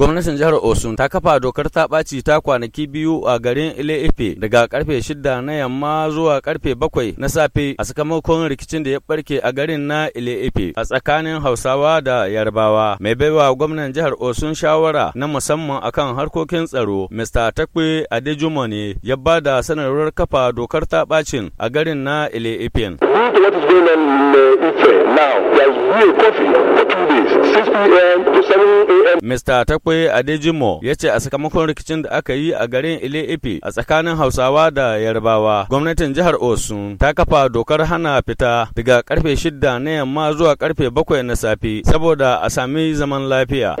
Gwamnatin jihar Osun ta kafa dokar ta ɓaci ta kwanaki biyu a garin Ile Ife daga karfe shida na yamma zuwa karfe bakwai na safe a sakamakon rikicin da ya barke a garin na Ile Ife a tsakanin Hausawa da Yarbawa. Mai baiwa gwamnan jihar Osun shawara na musamman akan harkokin tsaro Mr. Takwe Adejumo ya ba da sanarwar kafa dokar ta ɓacin a garin na Ile Ife. Mr. Takwe Okoye Adejimo ya ce a sakamakon rikicin da aka yi a garin Ile Ife a tsakanin Hausawa da Yarbawa gwamnatin jihar Osun ta kafa dokar hana fita daga karfe shida na yamma zuwa karfe bakwai na safe saboda a sami zaman lafiya.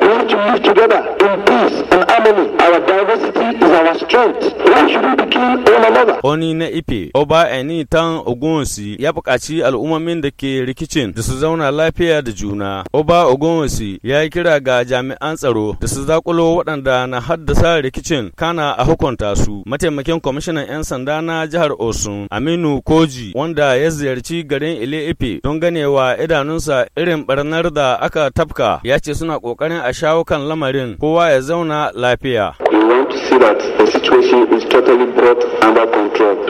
Oni na Ife Oba Eni Tan Ogunsi ya buƙaci al'ummomin da ke rikicin da su zauna lafiya da juna. Oba Ogunsi ya yi kira ga jami'an tsaro da su su zakulo waɗanda na haddasa rikicin kana a hukunta su. Mataimakin kwamishinan 'yan sanda na jihar Osun Aminu Koji wanda ya ziyarci garin Ile Ife don ganewa idanunsa irin barnar da aka tafka ya ce suna kokarin a shawo kan lamarin kowa ya zauna lafiya. We want to the situation is totally brought under control.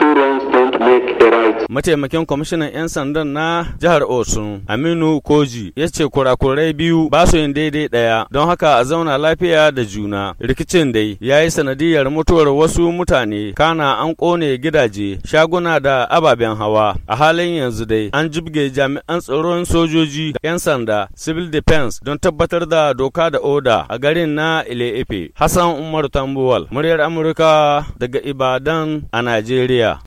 Mataimakin kwamishinan 'yan sandan na jihar Osun, Aminu Koji, ya ce kurakurai biyu ba su yin daidai ɗaya, don haka a zauna lafiya da juna. Rikicin dai ya yi sanadiyar mutuwar wasu mutane, kana an kone gidaje, shaguna da ababen hawa. A halin yanzu dai an jibge jami'an tsaron sojoji, 'yan sanda, civil defense don tabbatar da doka da oda a garin na Ile'ife. Hassan Umar Tambuwal, muryar Amurka daga Ibadan a Najeriya.